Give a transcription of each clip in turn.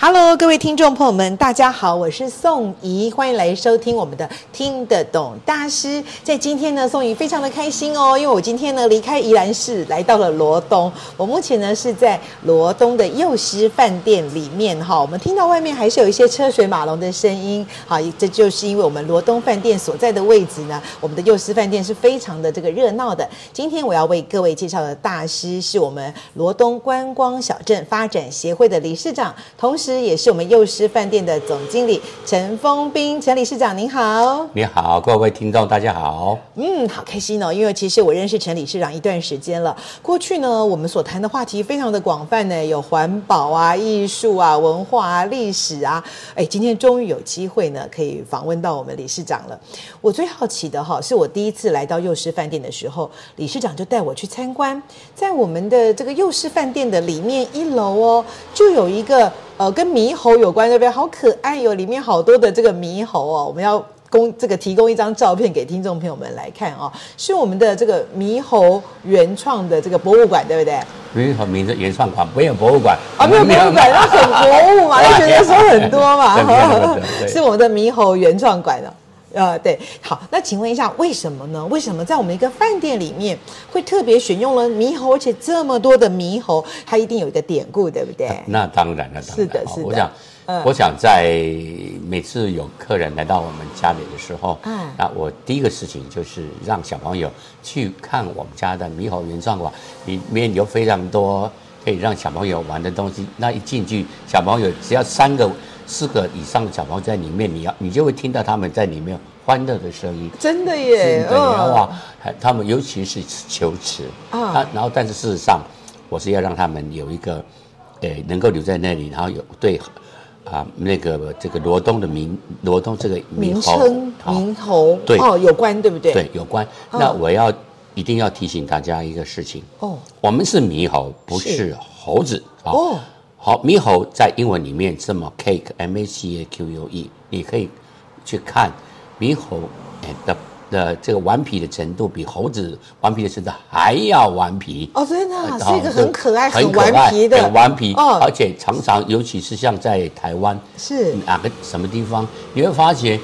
哈嘍，各位聽眾朋友們，大家好，我是宋怡，歡迎來收聽我們的聽得懂大師。在今天呢，宋怡非常的開心哦，因為我今天呢離開宜蘭市，來到了羅東。我目前呢是在羅東的幼獅飯店裡面哈。我們聽到外面還是有一些車水馬龍的聲音，好，這就是因為我們羅東飯店所在的位置呢，我們的幼獅飯店是非常的這個熱鬧的。今天我要為各位介紹的大師是我們羅東觀光小鎮發展協會的理事長，同時。也是我們幼獅飯店的總經理陳峰彬，陳理事長您好，你好，各位聽眾大家好，嗯，好開心哦，因為其實我認識陳理事長一段時間了，過去呢，我們所談的話題非常的廣泛呢，有環保啊、藝術啊、文化啊、歷史啊，哎，今天終於有機會呢，可以訪問到我們理事長了。我最好奇的哈、哦，是我第一次來到幼獅飯店的時候，理事長就帶我去參觀，在我們的這個幼獅飯店的裡面一樓哦，就有一個。呃，跟獼猴有關對不對？好可愛喲、哦，裡面好多的這個獼猴哦。我們要供這個提供一張照片給聽眾朋友們來看哦，是我們的這個獼猴原創的這個博物館對不對？獼猴名字，原創館，沒有博物館啊，沒有博物館，哦、物館那很博物嘛，啊、他覺得說很多嘛、哎好好。是我們的獼猴原創館呢。呃，對，好，那請問一下，為什麼呢？為什麼在我們一個飯店裡面會特別選用了獼猴，而且這麼多的獼猴，它一定有一個典故，對不對？啊、那當然了，當然了，是的，是的。哦、我想、嗯，我想在每次有客人來到我們家裡的時候，嗯，那我第一個事情就是讓小朋友去看我們家的獼猴原創館，裡面有非常多可以讓小朋友玩的東西。那一進去，小朋友只要三個。四個以上的小朋友在裡面，你要你就會聽到他們在裡面歡樂的聲音。真的耶！真的、哦、哇，他們尤其是球池、哦、啊。然後，但是事實上，我是要讓他們有一個，欸、能夠留在那裡，然後有對啊，那個這個羅東的名羅東這個猴名，名猴，名猴，對，哦有關對不對？對，有關。那我要、哦、一定要提醒大家一個事情哦，我們是獼猴，不是猴子是哦好，獼猴在英文裡面這麼 cake m a c a q u e，你可以去看獼猴的的,的這個頑皮的程度，比猴子頑皮的程度還要頑皮。哦、oh, 啊，所以的，是一個很可,很可愛、很頑皮的，很、嗯、頑皮、哦，而且常常，尤其是像在台灣，是哪個什麼地方，你會發覺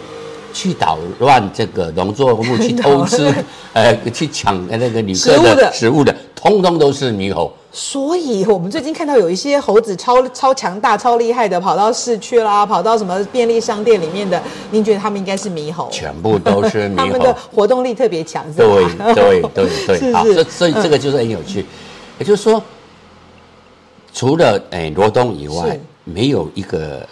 去搗亂這個農作物去偷吃， 呃，去搶那個女的食的食物的,食物的，通通都是獼猴。所以，我們最近看到有一些猴子超超強大、超厲害的，跑到市區啦，跑到什麼便利商店裡面的。您覺得他們應該是獼猴？全部都是獼猴， 他們的活動力特別強，對對對對 好，所以所以這個就是很有趣。也就是說，除了誒、呃、羅東以外，沒有一個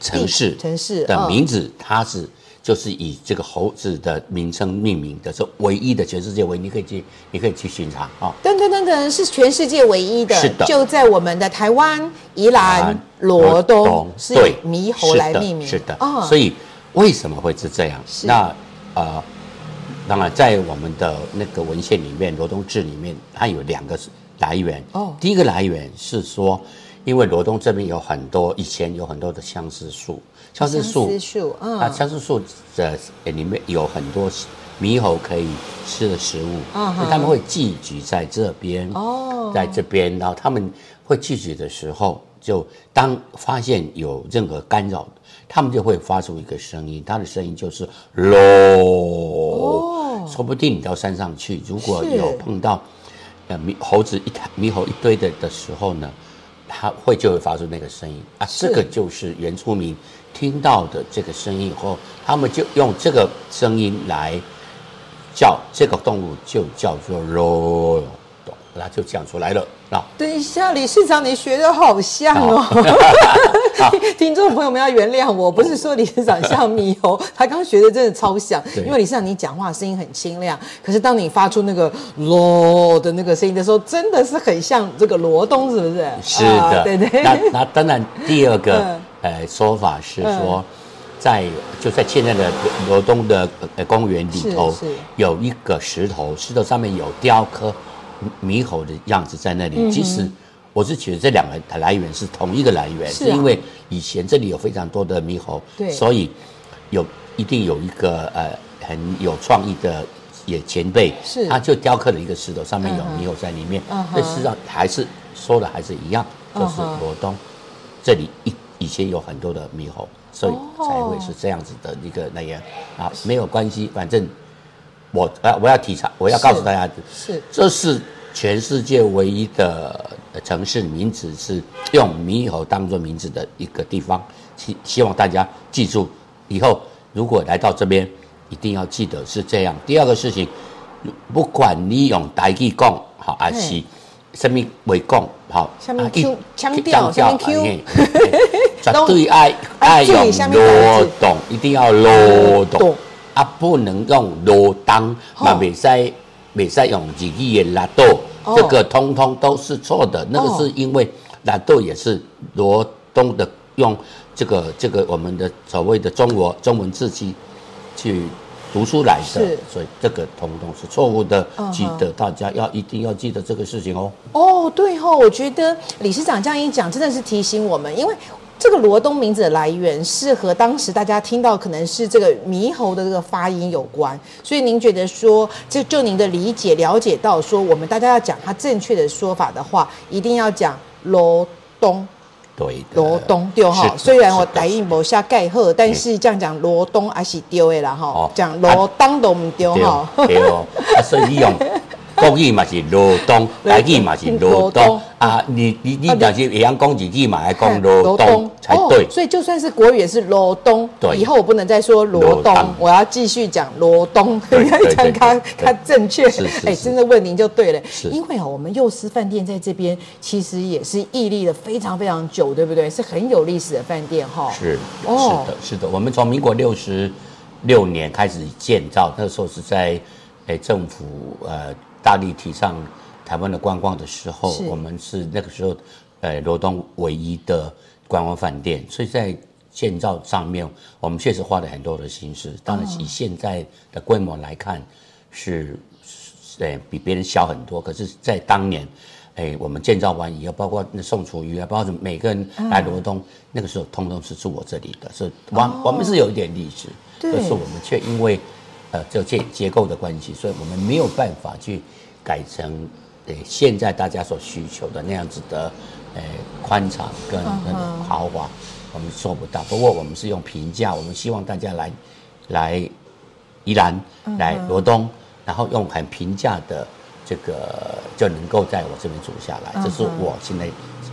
城市城市的名字，嗯、它是。就是以這個猴子的名稱命名的，是唯一的，全世界唯一，你可以去，你可以去尋找啊！噔噔噔噔，是全世界唯一的，是的，就在我們的台灣宜蘭羅東，啊，羅東，是以獼猴來命名，是的，是的哦，所以為什麼會是這樣？是那呃，當然在我們的那個文獻裡面，《羅東志》裡面，它有兩個來源。哦，第一個來源是說，因為羅東這邊有很多，以前有很多的相思樹，相思樹，啊，相思樹的、嗯、裡面有很多獼猴可以吃的食物，嗯、所以他們會聚集在這邊、哦。在這邊，然後他們會聚集的時候，就當發現有任何干擾，他們就會發出一個聲音，他的聲音就是“囉”哦。說不定你到山上去，如果有碰到，呃，獼猴子一、獼猴一堆的的時候呢？他會就會發出那個聲音啊，這個就是原住民聽到的這個聲音以後，他們就用這個聲音來叫這個動物，就叫做“羅”，它就講出來了啊。等一下，理事長，你學的好像哦。啊 啊、聽眾朋友們要原諒我，我不是說你是長相獼猴， 他剛學的真的超像。因為你像你講話聲音很清亮，可是當你發出那個“咯”的那個聲音的時候，真的是很像這個羅東，是不是？是的，啊、對對，那那當然，第二個、嗯、呃說法是說，嗯、在就在現在的羅東的公園裡頭，有一個石頭，石頭上面有雕刻獼猴的樣子在那裡，嗯、即使。我是覺得這兩個來源是同一個來源是，啊，是因為以前這裡有非常多的獼猴，所以有一定有一個呃很有創意的也前輩，是，他就雕刻了一個石頭，上面有獼猴在裡面，嗯，這事實上還是說的還是一樣，就是羅東、uh-huh, 這裡以以前有很多的獼猴，所以才會是這樣子的一個來源，uh-huh、啊，沒有關係，反正我呃我，我要提倡，我要告訴大家是，是，這是。全世界唯一的、呃、城市名字是用獼猴當做名字的一個地方，希希望大家記住，以後如果來到這邊，一定要記得是這樣。第二個事情，不管你用台語講好阿西，上面尾講好，下面、啊、Q 腔調，下面、啊、對愛愛用羅東，一定要羅東，啊不能用羅當，嘛未使。美在用幾億也拉豆、哦，這個通通都是錯的、哦。那個是因為拉豆也是羅東的，用這個這個我們的所謂的中國中文字體去讀出來的，所以這個通通是錯誤的、哦。記得大家要一定要記得這個事情哦。哦，對吼、哦，我覺得理事長這樣一講，真的是提醒我們，因為。這個羅東名字的來源是和當時大家聽到可能是這個獼猴的這個發音有關，所以您覺得說，就就您的理解了解到說，我們大家要講它正確的說法的話，一定要講羅東。對。羅東丟哈，雖然我台語無啥蓋好，但是這樣講羅東還是丟的啦哈。講羅當都不丟哈、哦啊。 對哦。啊，所以用 國語嘛，是羅東，台語嘛，是羅東啊，你你你但、啊、是一樣講自己嘛，還講羅東才對東、哦。所以就算是國語也是羅東，對，以後我不能再說羅東、東，我要繼續講羅東，看看他他正確。哎、欸，真的問您就對了，是是是。因為哦，我們幼獅飯店在這邊其實也是屹立了非常非常久，對不對？是很有歷史的飯店哈。是、哦、是的，是的，我們從民國六十六年開始建造，那時候是在、欸、政府呃。大力提倡台灣的觀光的時候，我們是那個時候，呃，羅東唯一的觀光飯店，所以在建造上面，我們確實花了很多的心思。當然，以現在的規模來看，哦、是、呃、比別人小很多。可是，在當年、呃，我們建造完以後，包括那宋楚瑜啊，包括什麼每個人來羅東、嗯，那個時候通通是住我這裡的是，所以我們、哦、我們是有一點歷史對，可是我們卻因為。呃，就結結構的關係，所以我們沒有辦法去改成，呃，現在大家所需求的那樣子的，呃，寬敞跟那個豪華，uh -huh. 我們做不到。不過我們是用平價，我們希望大家來，來宜蘭來羅東，uh -huh. 然後用很平價的這個就能夠在我這邊住下來。Uh -huh. 這是我現在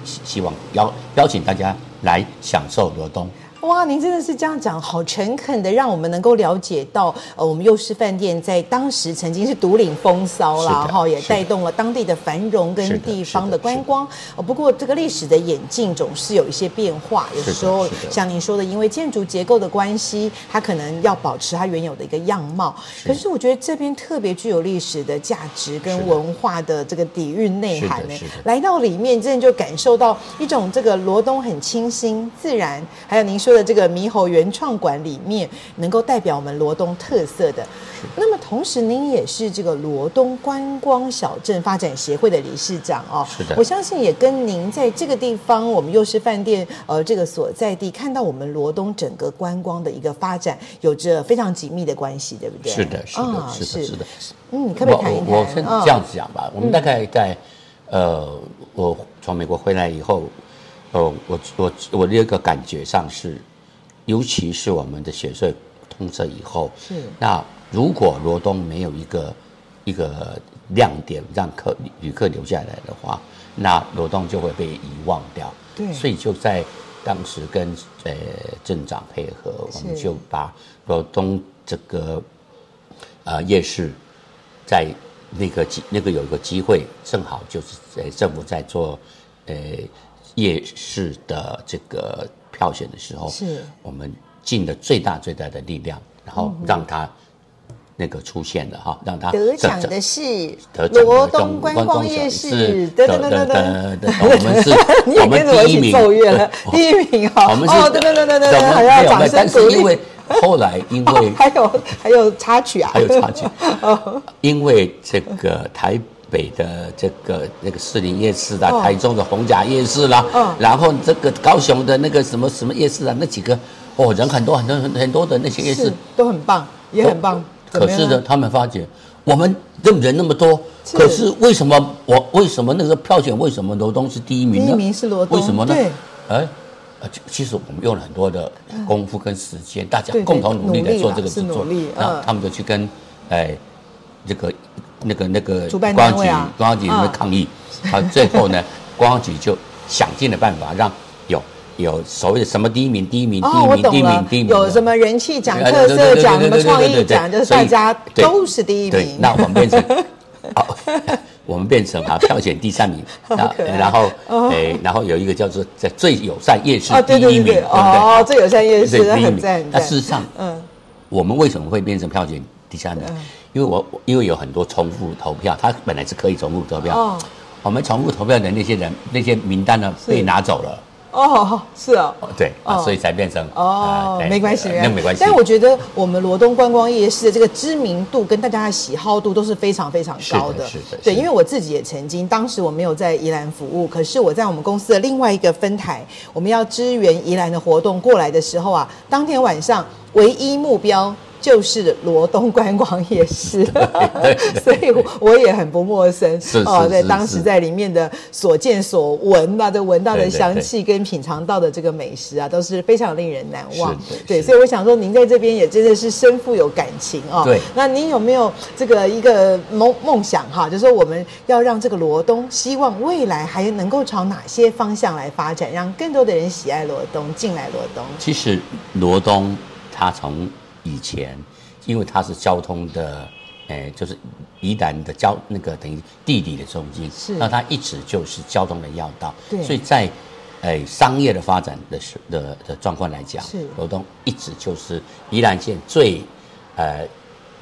希希望邀邀請大家來享受羅東。哇，您真的是這樣講，好誠懇的，讓我們能夠了解到，呃，我們幼獅飯店在當時曾經是獨領風騷啦，哈，也帶動了當地的繁榮跟地方的觀光。哦、不過，這個歷史的演進總是有一些變化，有時候像您說的，因為建築結構的關係，它可能要保持它原有的一個樣貌。是可是，我覺得這邊特別具有歷史的價值跟文化的這個底蘊內涵呢，來到裡面真的就感受到一種這個羅東很清新自然，還有您說。的這個獼猴原創館裡面，能夠代表我們羅東特色的。的那麼同時，您也是這個羅東觀光小鎮發展協會的理事長哦。是的。我相信也跟您在這個地方，我們幼獅飯店呃這個所在地，看到我們羅東整個觀光的一個發展，有着非常緊密的關係，對不對？是的，是的，哦、是的，是的。是嗯，你可不可以談一談？我，我先這樣子講吧。哦、我們大概在呃、嗯，我從美國回來以後。哦、呃，我我我那個感覺上是，尤其是我們的雪隧通車以後，是那如果羅東沒有一個一個亮點讓客旅客留下來的話，那羅東就會被遺忘掉。對，所以就在當時跟呃鎮長配合，我們就把羅東這個啊、呃、夜市在那個機那個有一個機會，正好就是呃政府在做呃。夜市的這個票選的時候，是，我們盡了最大最大的力量，然後讓他那個出現了讓它這這德的哈，讓他得獎的是羅東觀光夜市，對對對對，我們是，我們第一名，第一名啊，哦，對對對對對，還要掌聲鼓勵。後來因為還有還有插曲啊，還有插曲，啊，因為這個台。北的這個那個士林夜市啦、啊哦，台中的逢甲夜市啦、啊哦，然後這個高雄的那個什麼什麼夜市啊，哦、那幾個哦，人很多很多很多的那些夜市都很棒，也很棒、哦啊。可是呢，他們發覺我們人人那麼多，可是為什麼我為什麼那個票選為什麼羅東是第一名呢？第一名是羅東，為什麼呢？哎，其實我們用了很多的功夫跟時間，呃、大家共同努力來做這個，工作。後、呃、他們就去跟哎、呃、這個。那個那個，那個主辦啊、觀光局觀光局，有沒有抗議？他，嗯、最後呢，觀光局就想盡了辦法，讓有有所謂的什麼第一名，第一名，哦、第一名第一名，第一名，有什麼人氣獎、特色獎、哎、什麼創意獎，就是大家都是第一名。 那我們變成、哦、我們變成啊，票選第三名，然後哎、哦，然後有一個叫做在最友善夜市第一名，哦，對對對對對對哦最友善夜市第一名。那事實上，嗯，我們為什麼會變成票選第三呢？嗯因為我因為有很多重複投票，他本來是可以重複投票，哦、我們重複投票的那些人那些名單呢被拿走了。哦，是哦、啊，對啊、哦，所以才變成哦、呃，沒關係、呃，那沒關係。但我覺得我們羅東觀光夜市的這個知名度跟大家的喜好度都是非常非常高的。是的，是的是的是的對，因為我自己也曾經，當時我沒有在宜蘭服務，可是我在我們公司的另外一個分台，我們要支援宜蘭的活動過來的時候啊，當天晚上唯一目標。就是羅東觀光夜市， 所以我也很不陌生。哦，在當時在裡面的所見所聞吧，都聞到的香氣跟品嘗到的這個美食啊，對對對，都是非常令人難忘。是對，是對，所以我想說，您在這邊也真的是深富有感情啊、哦。對。那您有沒有這個一個夢夢想哈、啊？就是說我們要讓這個羅東，希望未來還能夠朝哪些方向來發展，讓更多的人喜愛羅東，進來羅東。其實羅東，它從以前，因為它是交通的，誒、呃，就是宜蘭的交那個等於地理的中心，是。那它一直就是交通的要道，對，所以在，誒、呃、商業的發展的的的狀況來講是，羅東一直就是宜蘭縣最，呃，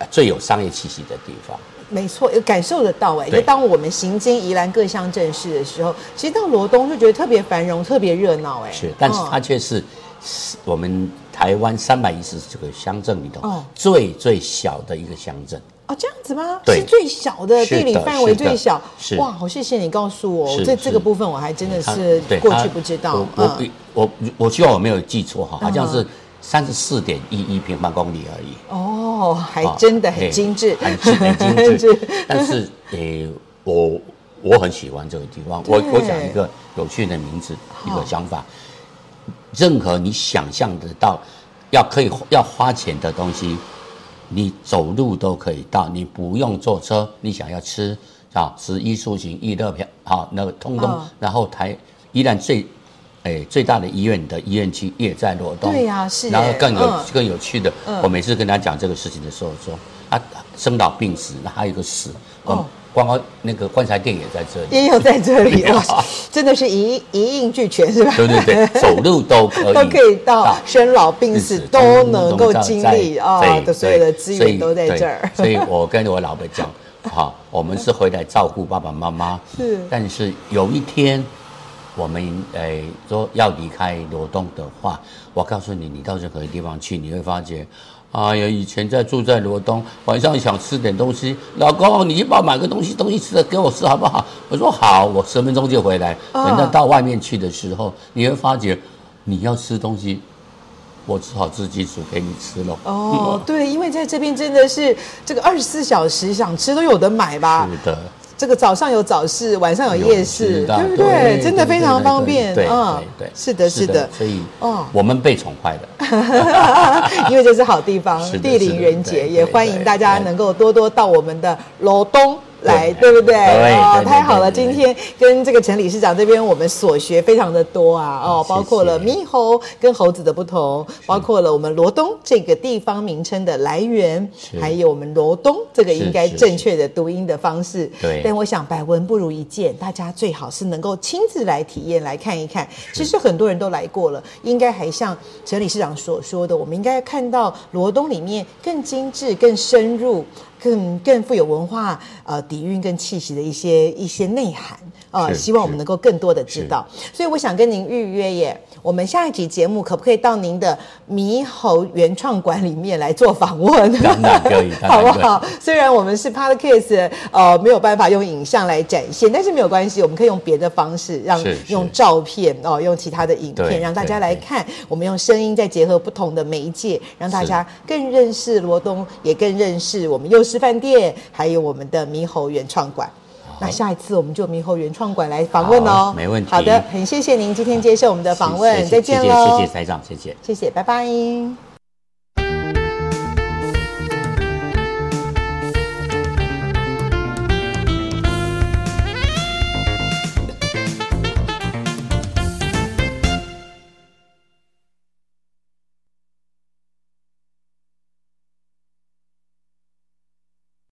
最有商業氣息的地方。沒錯，有感受得到哎、欸，就當我們行經宜蘭各鄉鎮市的時候，其實到羅東就覺得特別繁榮，特別熱鬧哎、欸。是，但是它卻是，、哦、是我們。台灣三百一十這個鄉鎮裡頭，最最小的一個鄉鎮啊。這樣子嗎？是最小的地理範圍，最小是，是，是哇，好，謝謝你告訴我這這個部分，我還真的是過去不知道。嗯、我我我希望我沒有記錯哈，好像是三十四點一一平方公里而已。哦，還真的很精緻，很精緻。精緻 是，但是誒、欸，我我很喜歡這個地方。我我講一個有趣的名字，一個想法。任何你想象得到，要可以要花錢的東西，你走路都可以到，你不用坐車。你想要吃啊，食衣住行、育樂票啊，那個通通，哦、然後台依然最，誒、欸、最大的醫院的醫院區也在羅東。對呀、啊、是、欸。然後更有、嗯、更有趣的，嗯、我每次跟他講這個事情的時候說啊，生老病死，那還有一個死、哦嗯觀光那個棺材店也在這裡，也有在這裡哦 真的是一一應俱全，是吧？對對對，走路都可以， 都可以到，生老病死都能夠經歷啊、哦，所有的資源都在這兒。所以我跟我老婆講， 好，我們是回來照顧爸爸媽媽， 是，但是有一天我們誒、呃、說要離開羅東的話，我告訴你，你到任何地方去，你會發覺。哎、啊、呀，以前在住在羅東，晚上想吃點東西，老公，你去幫我買個東西，東西吃了給我吃好不好？我說好，我十分鐘就回來、哦。等到到外面去的時候，你會發覺，你要吃東西，我只好自己煮給你吃囉。哦， 對，因為在這邊真的是這個二十四小時想吃都有得買吧。是的。這個早上有早市，晚上有夜市，對不對，對？真的非常方便。對對，對，對，對，、嗯對，對，對是，是的，是的。可以，哦，我們被寵壞的， 因為這是好地方，是的地靈人傑，也歡迎大家能夠多多到我們的羅東來，對不對？啊、哦，太好了！今天跟這個陳理事長這邊，我們所學非常的多啊，哦，包括了獼猴跟猴子的不同，包括了我們羅東這個地方名稱的來源，還有我們羅東這個應該正確的讀音的方式。對。但我想百聞不如一見，大家最好是能夠親自來體驗，來看一看。其實很多人都來過了，應該還像陳理事長所說的，我們應該看到羅東裡面更精緻、更深入。更更富有文化呃底蘊跟氣息的一些一些內涵啊、呃，希望我們能夠更多的知道。所以我想跟您預約耶，我們下一集節目可不可以到您的獼猴原創館裡面來做訪問？可以 好不好可以？雖然我們是 Podcast，呃，沒有辦法用影像來展現，但是沒有關係，我們可以用別的方式，讓用照片哦、呃，用其他的影片讓大家來看。我們用聲音再結合不同的媒介，讓大家更認識羅東，也更認識我們幼獅飯店，還有我們的獼猴原創館、哦，那下一次我們就獼猴原創館來訪問哦。沒問題，好的，很謝謝您今天接受我們的訪問，謝謝謝謝，再見嘍。謝謝台長，謝謝，謝謝，拜拜。